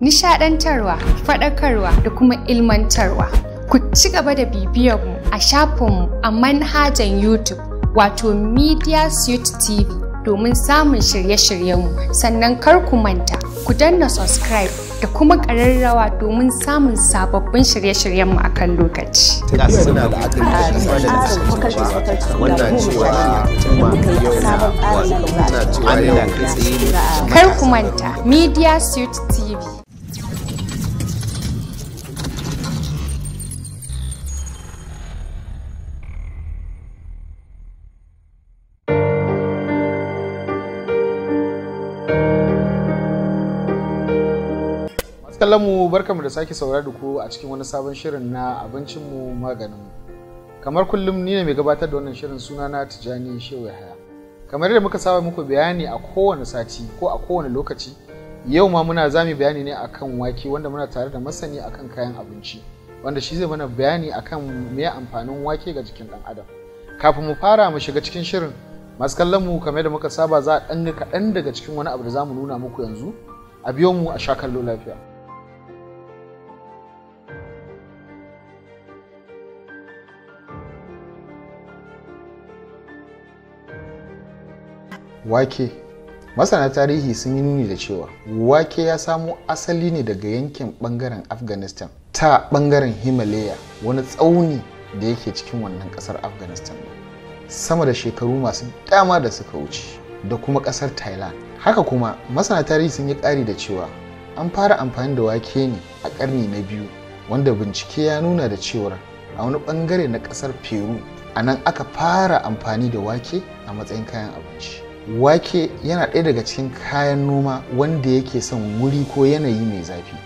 nishadantarwa, faɗakarwa da kuma ilmantarwa. Ku ci gaba da bibiyarmu a shafinmu a manhajan YouTube wato Media Suite TV domin samun shirye-shiryenmu sannan kar ku manta ku danna subscribe da kuma ƙararrawa domin samun sababbin shirye-shiryenmu a kan lokaci. Karku Kar ku manta Media Suite TV Sallamu mu barkamu da sake saurara da ku a cikin wani sabon shirin na abincin mu maganin mu kamar kullum ni ne mai gabatar da wannan shirin suna sunana Tijani Shehu Yahaya kamar yadda muka saba muku bayani a kowane sati ko a kowane lokaci yau ma muna zami bayani ne akan wake wanda muna tare da masani akan kayan abinci wanda shi zai mana bayani akan me amfanin wake ga jikin dan adam kafin mu fara mu shiga cikin shirin masu kallon mu kamar yadda muka saba za a ɗan kaɗan daga cikin wani abu da za mu nuna muku yanzu a biyo mu a sha kallo lafiya wake masana tarihi sun yi nuni da cewa wake ya samo asali ne daga yankin bangaren afghanistan ta bangaren himalaya wani tsauni da yake cikin wannan kasar afghanistan sama da shekaru masu dama da suka wuce da kuma kasar thailand haka kuma masana tarihi sun yi ƙari da cewa an fara amfani da wake ne a ƙarni na biyu wanda bincike ya nuna da cewar a wani bangare na kasar peru a nan aka fara amfani da wake a matsayin kayan abinci wake yana ɗaya daga cikin kayan noma wanda yake son wuri ko yanayi mai zafi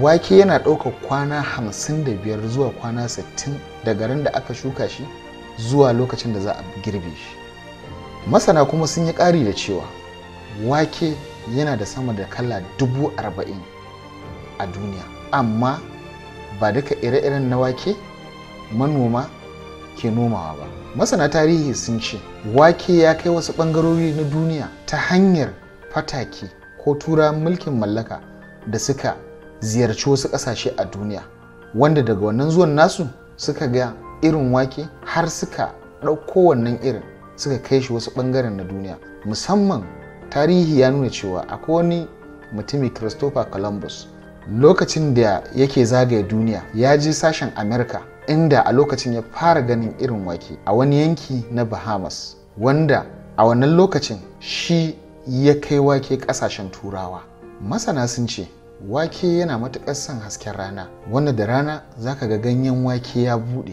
wake yana ɗaukar kwana hamsin da biyar zuwa kwana sittin daga ran da aka shuka shi zuwa lokacin da za a girbe shi masana kuma sun yi ƙari da cewa wake yana da sama da kala dubu arba'in a duniya amma ba duka ire-iren na wake manoma ke nomawa ba masana tarihi sun ce wake ya kai wasu ɓangarori na duniya ta hanyar fataki ko tura mulkin mallaka da suka ziyarci wasu ƙasashe a duniya wanda daga wannan zuwan nasu suka ga irin wake har suka ɗauko wannan irin suka kai shi wasu ɓangaren na duniya musamman tarihi ya nuna cewa akwai wani mutumi christopher columbus lokacin da yake zagaya duniya ya je sashen america inda a lokacin ya fara ganin irin wake a wani yanki na bahamas wanda a wannan lokacin shi ya kai wake kasashen turawa masana sun ce wake yana matuƙar son hasken rana wanda da rana zaka ga ganyen wake ya buɗe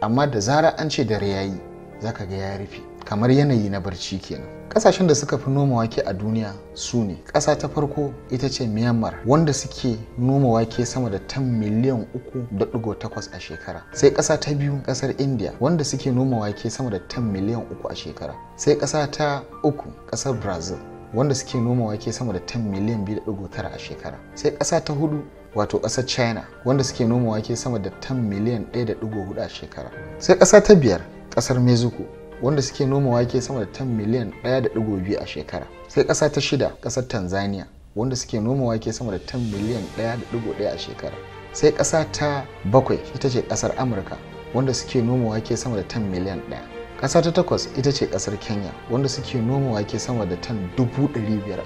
amma da zara an ce dare yayi zaka ga ya rufe kamar yanayi na barci kenan kasashen da suka fi noma wake a duniya su ne ƙasa ta farko ita ce myanmar wanda suke noma wake sama da tan miliyan uku da ɗigo takwas a shekara sai ƙasa ta biyu ƙasar india wanda suke noma wake sama da tan miliyan uku a shekara sai ƙasa ta uku ƙasar brazil wanda suke noma wake sama da tan miliyan biyu da ɗigo tara a shekara sai ƙasa ta hudu wato ƙasar china wanda suke noma wake sama da tan miliyan ɗaya da ɗigo hudu a shekara sai ƙasa ta biyar ƙasar mexico wanda suke noma wake sama da tan miliyan 1.2 a shekara sai ƙasa ta shida ƙasar tanzania wanda suke noma wake sama da tan miliyan 1.1 a shekara sai ƙasa ta bakwai ita ce ƙasar amurka wanda suke noma wake sama da tan miliyan 1 ƙasa ta takwas ita ce ƙasar kenya wanda suke noma wake sama da tan dubu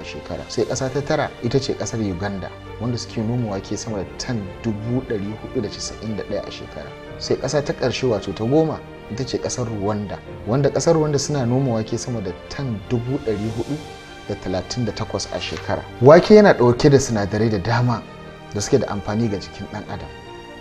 a shekara sai ƙasa ta tara ita ce ƙasar uganda wanda suke noma wake sama da tan dubu ɗari da ɗaya a shekara sai ƙasa ta ƙarshe wato ta goma ita ce kasar rwanda wanda kasar rwanda suna noma wake sama da tan 438 a shekara wake yana ɗauke da sinadarai da dama da suke da amfani ga jikin ɗan adam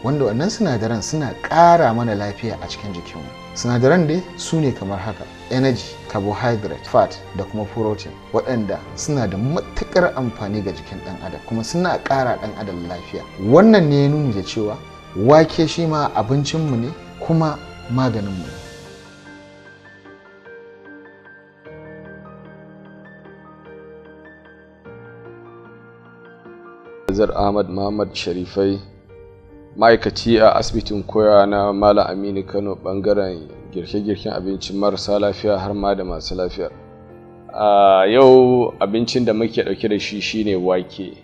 wanda wannan sinadaran suna ƙara mana lafiya a cikin jikinmu sinadaran dai su ne kamar haka energy carbohydrate fat da kuma protein waɗanda suna da matukar amfani ga jikin ɗan adam kuma suna ƙara ɗan adam lafiya wannan ne ya nuni da cewa wake shi ma abincinmu ne kuma maganinmu Zar Ahmad Muhammad Sharifai ma'aikaci a asibitin koya na Malam Aminu Kano bangaren girke-girken abincin marasa lafiya har ma da masu lafiyar. A yau abincin da muke ɗauke da shi shine wake.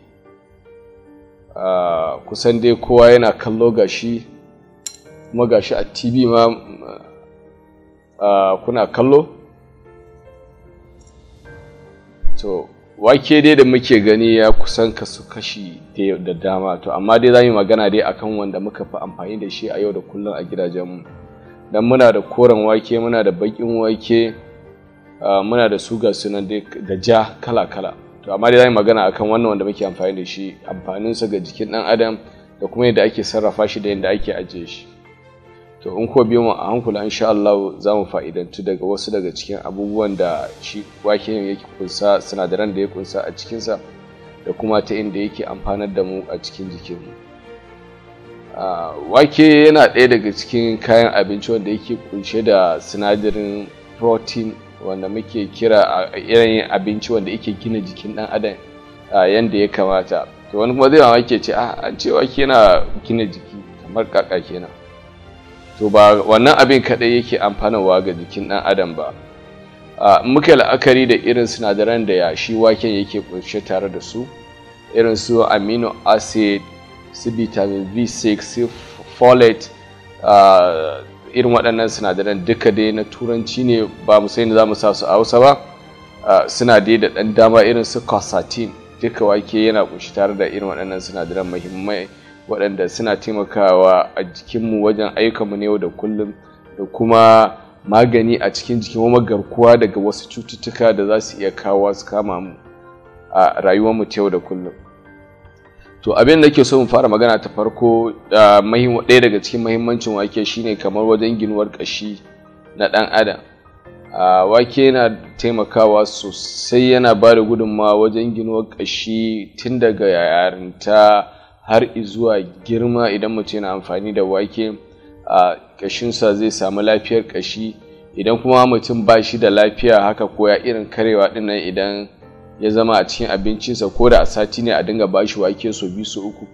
Kusan dai kowa yana kallo gashi. kuma gashi a tv ma kuna kallo to wake dai da muke gani ya kusan kasu kashi da dama to amma dai za mu magana dai akan wanda muka fi amfani da shi a yau da kullum a gidajenmu dan muna da koren wake muna da bakin wake muna da su ga sunan dai da ja kala-kala to amma dai za mu magana akan wannan wanda muke amfani da shi amfaninsa ga jikin ɗan adam da kuma yadda ake sarrafa shi da yadda ake ajiye shi to in ko biyo a hankula insha Allah za mu fa'idantu daga wasu daga cikin abubuwan da shi wake yake kunsa sinadaran da ya kunsa a cikinsa da kuma ta inda yake amfanar da mu a cikin jikinmu wake yana ɗaya daga cikin kayan abinci wanda yake kunshe da sinadarin protein wanda muke kira a yanayin abinci wanda yake gina jikin ɗan adam yadda ya kamata to wani kuma zai wake ce a ah, an ce wake yana gina jiki kamar kaka kenan to ba wannan abin kaɗai yake amfanarwa ga jikin ɗan adam ba muka la'akari da irin sinadaran da ya shi waken yake kunshe tare da su irin su amino acid su vitamin b6 su folate irin waɗannan sinadaran duka dai na turanci ne ba mu sai za mu sa su a hausa ba suna dai da ɗan dama irin su quercetin duka wake yana kunshi tare da irin waɗannan sinadaran muhimmai waɗanda suna taimakawa a jikinmu wajen ayyukanmu na yau da kullum da kuma magani a cikin jikin kuma garkuwa daga wasu cututtuka da za su iya kawo su kama mu a rayuwarmu ta yau da kullum to abin da ke so mu fara magana ta farko ɗaya daga cikin mahimmancin wake shine kamar wajen ginuwar ƙashi na ɗan adam wake yana taimakawa sosai yana ba da gudunmawa wajen ginuwar ƙashi tun daga yarinta har izuwa girma idan mace na amfani da wake a ƙashinsa zai samu lafiyar kashi idan kuma mutum ba shi da lafiya haka koya irin karewa dinnan idan ya zama a cikin abincinsa ko da a sati ne a dinga bashi wake so biyu so uku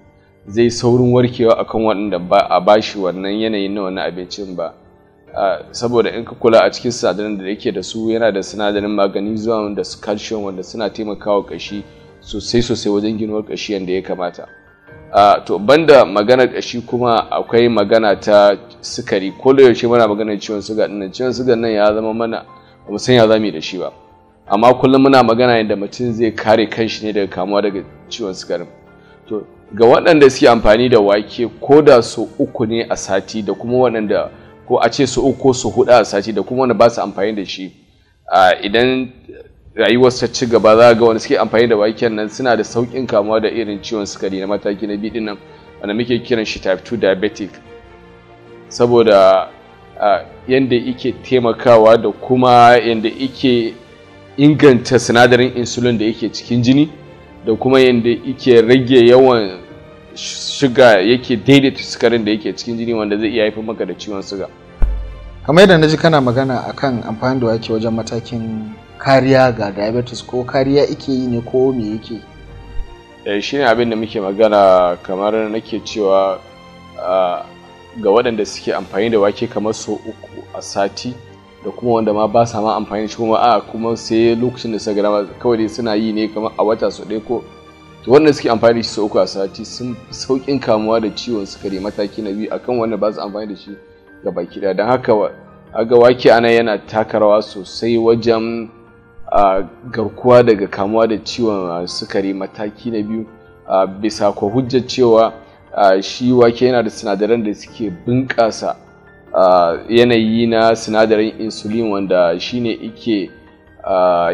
zai saurin warkewa akan waɗanda ba a bashi wannan yanayin na wannan abincin ba saboda in ka kula a cikin sinadarin da yake da su yana da sinadarin wanda da calcium wanda suna taimakawa kashi sosai sosai wajen ginuwar kashi yadda ya kamata to banda magana shi kuma akwai magana ta sukari ko da yaushe muna magana ciwon suga din ciwon suga nan ya zama mana ba mu san ya zamu da shi ba amma kullum muna magana yadda mutum zai kare kanshi ne daga kamuwa daga ciwon sukarin to ga waɗanda suke amfani da wake ko da su uku ne a sati da kuma waɗanda ko a ce su uku ko su huɗu a sati da kuma wanda ba su amfani da shi idan rayuwar sa ci gaba za ga wani suke amfani da waken nan suna da saukin kamuwa da irin ciwon sukari na mataki na biyu dinnan wanda muke kiran shi type 2 diabetic saboda yanda yake taimakawa da kuma yanda yake inganta sinadarin insulin da yake cikin jini da kuma yanda yake rage yawan shiga yake daidaita sukarin da yake cikin jini wanda zai iya haifar maka da ciwon suga kamar yadda na ji kana magana akan amfani da wake wajen matakin kariya ga diabetes ko kariya ike yi ne ko me yake eh, shi ne abin da muke magana kamar nake cewa ga waɗanda suke amfani da wake kamar so uku a sati da kuma wanda ma ba sa ma amfani da shi kuma a kuma sai lokacin da suka gama kawai dai suna yi ne kamar a wata su ɗaya ko to wanda suke amfani da shi so uku a sati sun saukin kamuwa da ciwon sukari mataki na biyu akan wanda ba su amfani da shi ga baki ɗaya don haka aga wake ana yana taka rawa sosai wajen a garkuwa daga kamuwa da ciwon sukari mataki na biyu bisa ko hujjar cewa shi wake yana da sinadaran da suke bunƙasa yanayi na sinadarin insulin wanda shine ne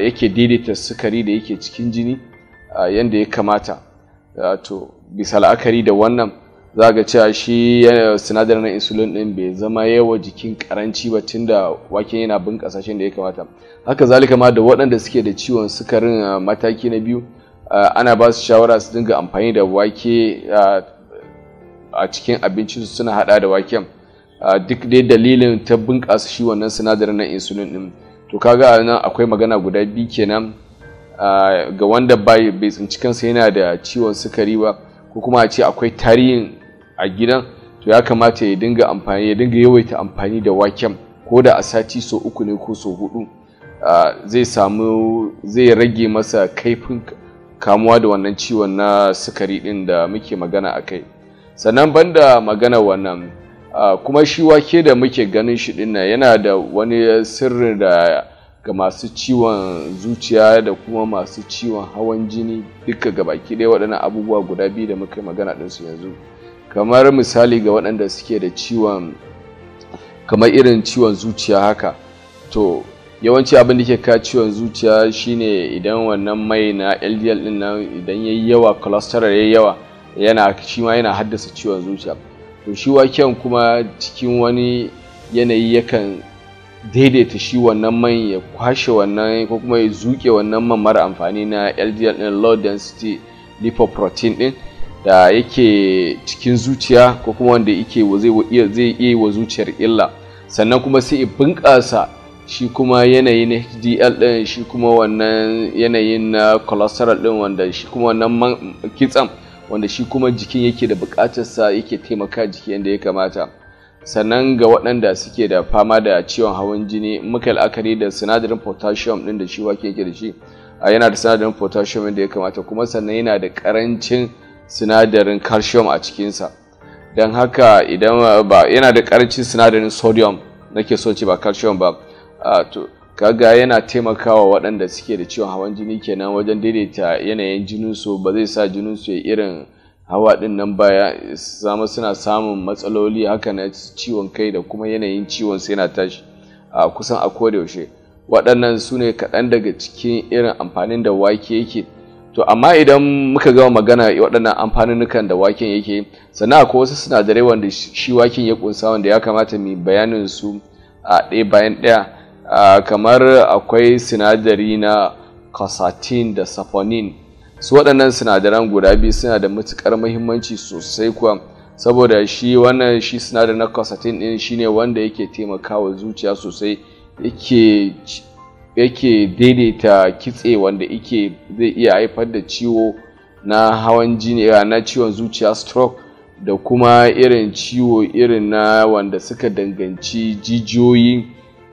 yake daidaita sukari da yake cikin jini yadda ya kamata to bisa la'akari da wannan za ga cewa shi sinadarin insulin din bai zama yawa jikin karanci ba tunda waken yana bin kasashen da ya kamata haka zalika ma da waɗanda suke da ciwon sukarin ah, mataki na biyu ah, ana ba su shawara su dinga amfani da wake ah, a cikin su suna hada da waken duk dai dalilin ta bunƙasa shi wannan sinadarin na insulin din to kaga nan akwai magana guda biyu kenan ga wanda bai tsinci kansa yana da ciwon sukari ba ko kuma a ce akwai tarihin a gidan to ya kamata ya dinga amfani ya dinga yawaita amfani da waken ko da a sati so uku ne ko so hudu zai samu zai rage masa kaifin kamuwa da wannan ciwon na sukari din da muke magana a kai sannan banda magana wannan kuma shi wake da muke ganin shi din yana da wani sirri da ga masu ciwon zuciya da kuma masu ciwon hawan jini duka gabaki ɗaya waɗannan abubuwa guda biyu da muke magana ɗinsu yanzu kamar misali ga waɗanda suke da ciwon kamar irin ciwon zuciya haka to yawanci abin da ke ka ciwon zuciya shine idan wannan mai na ldl din nan idan yayi yawa cholesterol ya yawa yana shi ma yana haddasa ciwon zuciya to shi waken kuma cikin wani yanayi yakan daidaita shi wannan mai ya kwashe wannan ko kuma ya zuke wannan man mara amfani na ldl din low density lipoprotein din da yake cikin zuciya ko kuma wanda yake zai iya yi wa zuciyar illa sannan kuma sai ya bunƙasa shi kuma yanayin HDL ɗin shi kuma wannan yanayin na cholesterol ɗin wanda shi kuma wannan kitsan wanda shi kuma jikin yake da buƙatarsa yake taimaka jiki yadda ya kamata sannan ga waɗanda suke da fama da ciwon hawan jini muka la'akari da sinadarin potassium ɗin da shi wake yake da shi yana da sinadarin potassium da ya kamata kuma sannan yana da ƙarancin sinadarin calcium a cikinsa don haka idan uh, ba yana da karancin sinadarin sodium nake so ce ba calcium ba to kaga yana taimakawa waɗanda suke da ciwon hawan jini kenan wajen daidaita yanayin jininsu ba zai sa jininsu ya irin hawa ɗin nan baya zama suna samun matsaloli haka na ciwon kai da kuma yanayin ciwon sai na tashi a kusan a kodayaushe yaushe waɗannan su ne kaɗan daga cikin irin amfanin da wake yake to amma idan muka gama magana waɗannan amfanunukan da waken yake sannan akwai wasu sinadarai wanda shi waken ya kunsa wanda ya kamata mu bayanin su a ɗaya bayan ɗaya kamar akwai sinadari na kasatin da saponin su waɗannan sinadaran guda biyu suna da matuƙar muhimmanci sosai kuwa saboda shi wannan shi sinadar na kasatin ɗin shine wanda yake taimakawa zuciya sosai yake yake daidaita kitse wanda ike zai iya haifar da ciwo na hawan jini eh, na ciwon zuciya stroke da kuma irin ciwo irin na wanda suka danganci jijiyoyi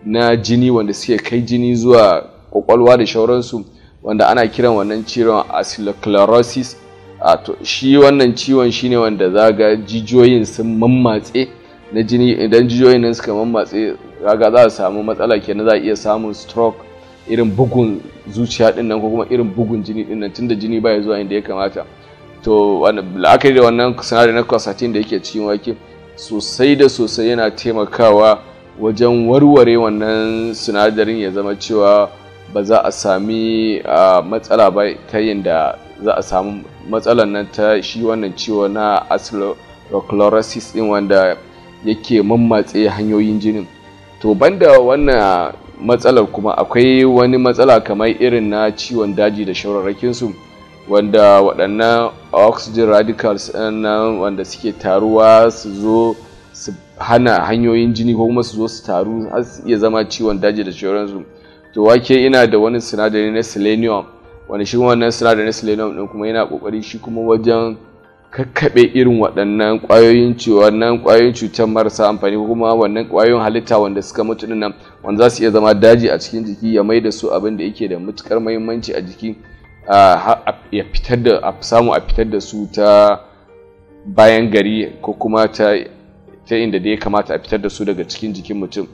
na jini wanda suke kai jini zuwa kwakwalwa da shauransu wanda ana kiran wannan ciwon ah, to shi wannan ciwon shine wanda zaga jijiyoyin sun mammatse na jini idan jijiyoyin nan suka mammatse zaga za a samu matsala kenan za a iya samun stroke irin bugun zuciya din nan ko kuma irin bugun jini din tunda jini baya zuwa inda ya kamata to la'akari da wannan sinadarin na quercetin da yake cikin wake sosai da sosai yana taimakawa wajen warware wannan sinadarin ya zama cewa ba za a sami matsala ba ta yadda za a samu matsalan nan ta shi wannan ciwo na atherosclerosis din wanda yake mammatse hanyoyin jinin to banda wannan matsalar kuma akwai wani matsala kamar irin na ciwon daji da shawararrakinsu wanda waɗannan oxygen radicals nan wanda suke taruwa su zo su hana hanyoyin jini ko kuma su zo su taru su iya zama ciwon daji da shawararsu to wake ina da wani sinadari na selenium wani shi wannan sinadari na selenium ɗin kuma yana kokari shi kuma wajen kakkaɓe irin waɗannan ƙwayoyin wannan ƙwayoyin cutar marasa amfani ko kuma wannan ƙwayoyin halitta wanda suka mutu din nan wanda za su iya zama daji a cikin jiki ya mai da su abin da yake da matuƙar muhimmanci a jiki ya fitar da a samu a fitar da su ta bayan gari ko kuma ta inda da ya kamata a fitar da su daga cikin jikin mutum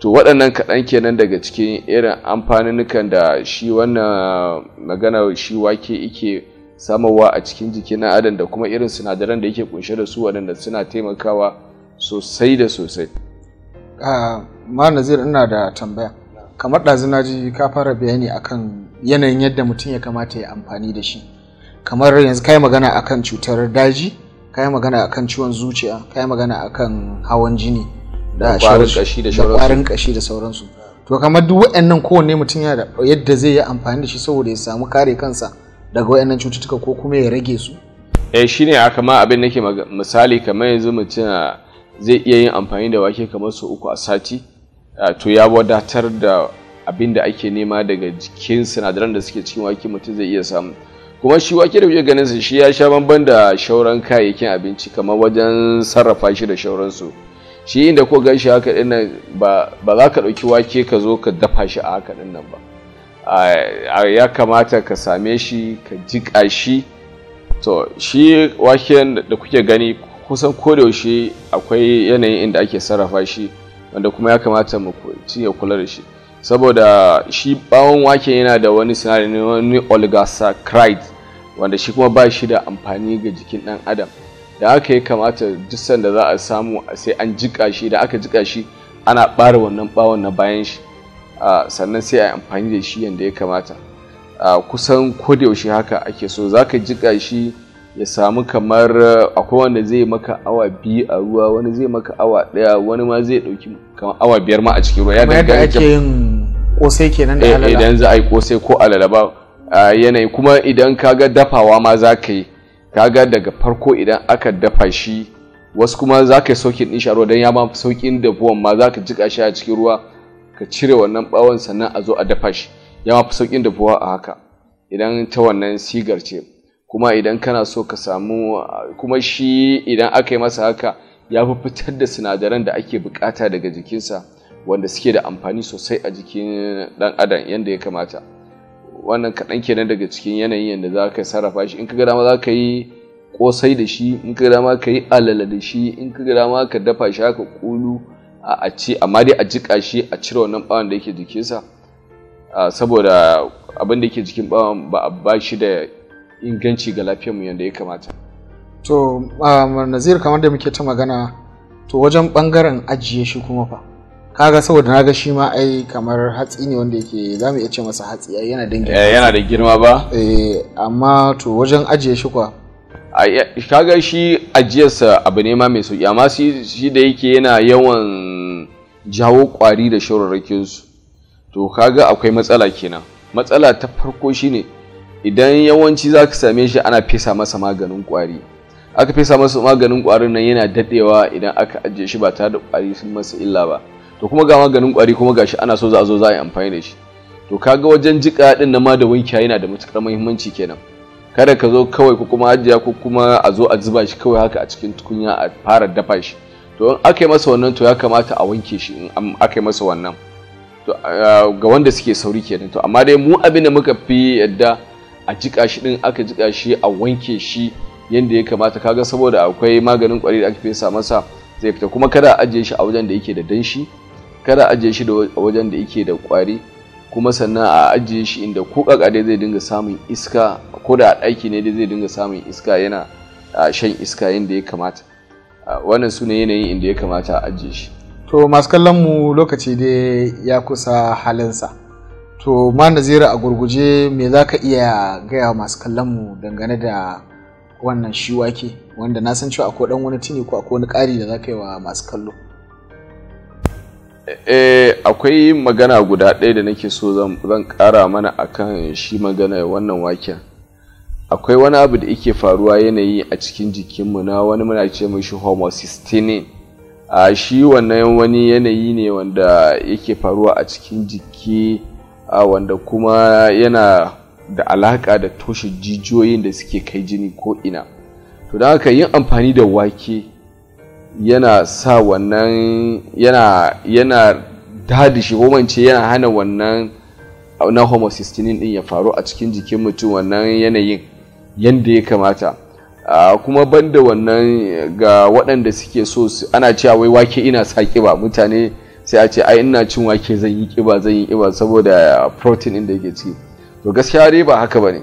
to waɗannan kaɗan kenan daga cikin irin amfanin da shi wannan magana shi wake yake samarwa a cikin jiki na adam da kuma irin sinadaran da yake kunshe da su waɗanda suna taimakawa sosai da sosai. Ah, ma nazir ina da tambaya kamar ɗazu na ji ka fara bayani akan yanayin yadda mutum ya kamata ya amfani da shi kamar yanzu ka yi magana akan cutar daji ka yi magana akan ciwon zuciya ka yi magana akan hawan jini da ƙwarin ƙashi da sauransu to kamar duk waɗannan kowanne mutum yadda zai yi amfani da shi saboda ya samu kare kansa daga wayannan cututtuka ko kuma ya rage su eh shine haka ma abin nake misali kamar yanzu mutum ah, zai iya yin amfani da wake kamar su uku a sati ah, to ya wadatar da abin da ake nema daga jikin sinadaran da suke cikin wake mutum zai iya samu kuma shi wake da kuke ganin su shi ya sha bamban da shauran kayayyakin abinci kamar wajen sarrafa shi da shauransu shi inda ko gan shi haka nan ba za ka ɗauki wake ka zo ka dafa shi a haka nan ba ya kamata ka same shi ka jiƙa shi to shi waken da kuke gani kusan kodayaushe akwai yanayin inda ake sarrafa shi wanda kuma ya kamata mu ci ya kula da shi saboda shi bawon wake yana da wani sinadari ne wani oligosaccharide wanda shi kuma ba shi da amfani ga jikin ɗan adam da aka yi kamata duk sanda za a samu sai an jika shi da aka jika shi ana ɓara wannan bawon na bayan shi sannan sai a amfani da shi yadda ya kamata kusan kodayaushe haka ake so za ka jiƙa shi ya samu kamar akwai wanda zai maka awa biyu a ruwa wani zai maka awa ɗaya wani ma zai ɗauki kamar awa biyar ma a cikin ruwa yadda danganta ake yin kosai kenan da eh, alala idan za a yi kosai ko alala ba yanayi kuma idan kaga dafawa ma za ka yi kaga daga farko idan aka dafa shi wasu kuma za ka yi saukin ɗin shi ruwa don ya ma saukin dafuwan ma za ka jiƙa shi a cikin ruwa ka cire wannan bawon sannan a zo a dafa shi ya mafi sauƙin dafuwa a haka idan ta wannan sigar ce kuma idan kana so ka samu kuma shi idan aka yi masa haka ya fi fitar da sinadaran da ake bukata daga jikinsa wanda suke da amfani sosai a jikin dan adam yadda ya kamata wannan kaɗan kenan daga cikin yanayin yadda za ka sarrafa shi in ka gada ma za ka yi kosai da shi in ka gada ma ka yi alala da shi in ka gada ma ka dafa shi haka kulu a ci amma dai a jiƙa shi a cire wannan bawan da yake jikinsa saboda abin da yake jikin bawan ba a ba shi da inganci ga lafiyarmu yadda ya kamata to nazir kamar da muke ta magana to wajen ɓangaren ajiye shi kuma fa kaga saboda na ga shi ma ai kamar hatsi ne wanda yake za mu iya ce masa hatsi ai yana da eh, yana da girma ba eh amma to wajen ajiye shi kwa kaga shi ajiyarsa abu ne ma mai sauki amma shi da yake yana yawan jawo kwari da shawararrakinsu to kaga akwai matsala kenan matsala ta farko shine idan yawanci za ka same shi ana fesa masa maganin ƙwari aka fesa masa maganin ƙwarin nan yana daɗewa idan aka ajiye shi ba tare da ƙwari sun masa illa ba to kuma ga maganin ƙwari kuma ga shi ana so za a zo za a yi amfani da shi to kaga wajen jika din na ma da wankiya yana da matuƙar muhimmanci kenan kada ka zo kawai ko kuma ajiya ko kuma a zo a zuba shi kawai haka a cikin tukunya a fara dafa shi to aka yi masa wannan to ya kamata a wanke shi in aka yi masa wannan to ga wanda suke sauri kenan to amma dai mu abin da muka fi yadda a jika shi din aka jika shi a wanke shi yadda ya kamata kaga saboda akwai maganin kwari da aka fesa masa zai fita kuma kada a ajiye shi a wajen da yake da danshi kada a ajiye shi a wajen da yake da kwari kuma sannan a ajiye shi inda ko dai zai dinga samun iska ko da a ɗaki ne dai zai dinga samun iska yana shan iska yanda ya kamata wannan su ne yanayin inda ya kamata a ajiye shi to masu kallon mu lokaci dai ya kusa halinsa to ma nazira a gurguje me za ka iya gaya masu kallon mu dangane da wannan shi wake wanda na san cewa akwai dan wani tuni ko akwai wani ƙari da za ka yi wa masu kallo eh akwai magana guda ɗaya da nake so zan ƙara mana akan shi magana wannan waken akwai wani abu da yake faruwa yanayi a cikin jikinmu na wani muna ce mishi homocysteine a shi wannan wani yanayi ne wanda yake faruwa a cikin jiki a wanda kuma yana da alaka da toshe jijiyoyin da suke kai jini ko ina to don haka yin amfani da wake yana sa wannan yana yana dadishi ko yana hana wannan na homocysteine din ya faru a cikin jikin mutum wannan yanayin Yanda ya kamata kuma banda wannan ga waɗanda suke so ana cewa wai wake ina sa kiba mutane sai a ce ai ina cin wake zan yi kiba zan yi kiba saboda protein inda yake ciki to gaskiya dai ba haka bane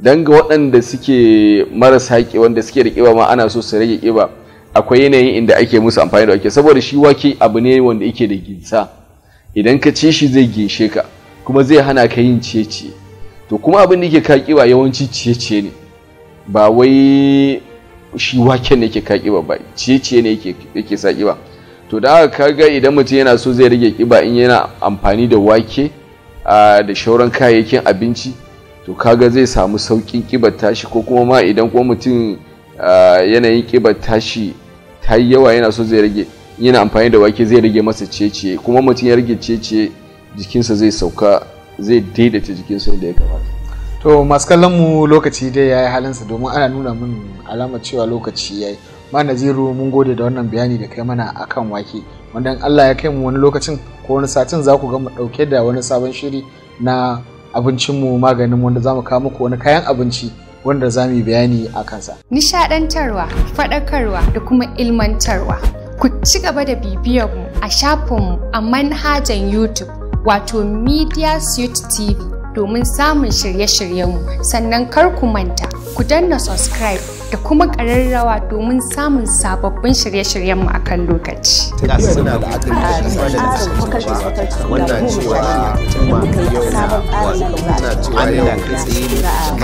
dan ga waɗanda suke marasa haƙi wanda suke da kiba ma ana so su rage kiba akwai yanayin inda ake musu amfani da wake saboda shi wake abu ne wanda yake da ginsa idan ka ci shi zai ginshe ka kuma zai hana ka yin ciye-ciye to kuma abin da yake ka yawanci ciye-ciye ne ba wai shi waken ne ke ka kiba ba ciye-ciye ne yake sa kiba to da haka kaga idan mutum yana so zai rage kiba in yana amfani da wake da shauran kayayyakin abinci to kaga zai samu saukin kibar tashi ko kuma ma idan kuma mutum yanayin kibar tashi ta yi yawa yana so zai rage yana amfani da wake zai rage masa ciye-ciye kuma mutum ya rage ciye-ciye jikinsa zai sauka zai daidaita jikinsa da ya kamata to masu kallon mu lokaci dai ya yi halinsa domin ana nuna min alamar cewa lokaci ya yayi ma naziru mun gode da wannan bayani da kai mana akan wake wanda Allah ya kai mu wani lokacin ko wani satin za ku ga mu dauke da wani sabon shiri na abincin mu maganin wanda za mu kawo muku wani kayan abinci wanda za mu yi bayani a kansa nishadantarwa faɗakarwa da kuma ilmantarwa ku ci gaba da bibiyar mu a shafinmu a manhajan youtube wato media suite tv domin samun shirye shiryen mu sannan kar ku manta ku danna subscribe da kuma ƙararrawa domin samun sababbin shirye-shiryenmu a kan lokaci.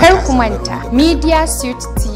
Kar ku manta, Media Suite